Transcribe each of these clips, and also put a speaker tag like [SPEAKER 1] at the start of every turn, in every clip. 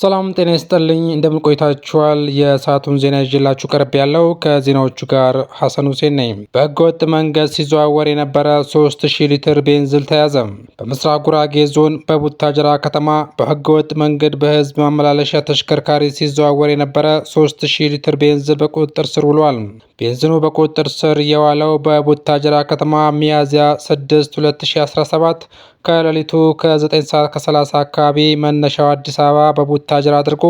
[SPEAKER 1] ሰላም ጤና ይስጥልኝ፣ እንደምን ቆይታችኋል? የሰዓቱን ዜና ይዤላችሁ ቀርብ ያለው ከዜናዎቹ ጋር ሐሰን ሁሴን ነኝ። በህገወጥ መንገድ ሲዘዋወር የነበረ 3000 ሊትር ቤንዝል ተያዘ። በምስራቅ ጉራጌ ዞን በቡታጅራ ከተማ በህገወጥ መንገድ በህዝብ ማመላለሻ ተሽከርካሪ ሲዘዋወር የነበረ 3000 ሊትር ቤንዝል በቁጥጥር ስር ውሏል። ቤንዝኑ በቁጥጥር ስር የዋለው በቡታጅራ ከተማ ሚያዝያ 6 2017 ከሌሊቱ ከ9 ሰዓት ከ30 አካባቢ መነሻው አዲስ አበባ በቡ ቡታጅራ አድርጎ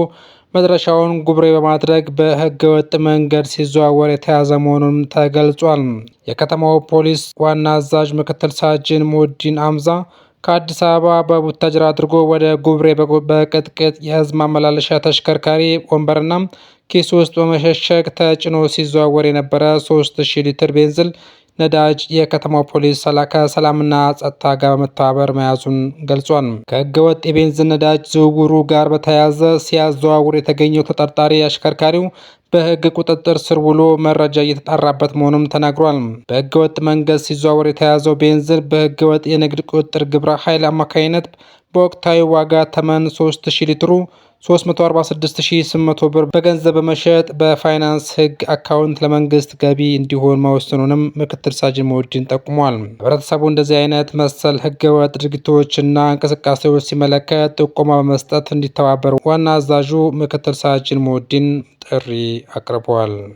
[SPEAKER 1] መድረሻውን ጉብሬ በማድረግ በህገወጥ መንገድ ሲዘዋወር የተያዘ መሆኑንም ተገልጿል። የከተማው ፖሊስ ዋና አዛዥ ምክትል ሳጅን ሙዲን አምዛ ከአዲስ አበባ በቡታጅራ አድርጎ ወደ ጉብሬ በቅጥቅጥ የህዝብ ማመላለሻ ተሽከርካሪ ወንበርና ኪስ ውስጥ በመሸሸግ ተጭኖ ሲዘዋወር የነበረ 3000 ሊትር ቤንዝል ነዳጅ የከተማው ፖሊስ ከሰላምና ጸጥታ ጋር በመተባበር መያዙን ገልጿል። ከህገወጥ የቤንዝን ነዳጅ ዝውውሩ ጋር በተያያዘ ሲያዘዋውር የተገኘው ተጠርጣሪ አሽከርካሪው በህግ ቁጥጥር ስር ውሎ መረጃ እየተጣራበት መሆኑም ተናግሯል። በህገ ወጥ መንገድ ሲዘዋወር የተያዘው ቤንዚን በህገ ወጥ የንግድ ቁጥጥር ግብረ ኃይል አማካኝነት በወቅታዊ ዋጋ ተመን 3000 ሊትሩ 346800 ብር በገንዘብ በመሸጥ በፋይናንስ ህግ አካውንት ለመንግስት ገቢ እንዲሆን መወሰኑንም ምክትል ሳጅን መወዲን ጠቁሟል። ህብረተሰቡ እንደዚህ አይነት መሰል ህገወጥ ድርጊቶችና እንቅስቃሴዎች ሲመለከት ጥቆማ በመስጠት እንዲተባበር ዋና አዛዡ ምክትል ሳጅን መወዲን Terry Acropal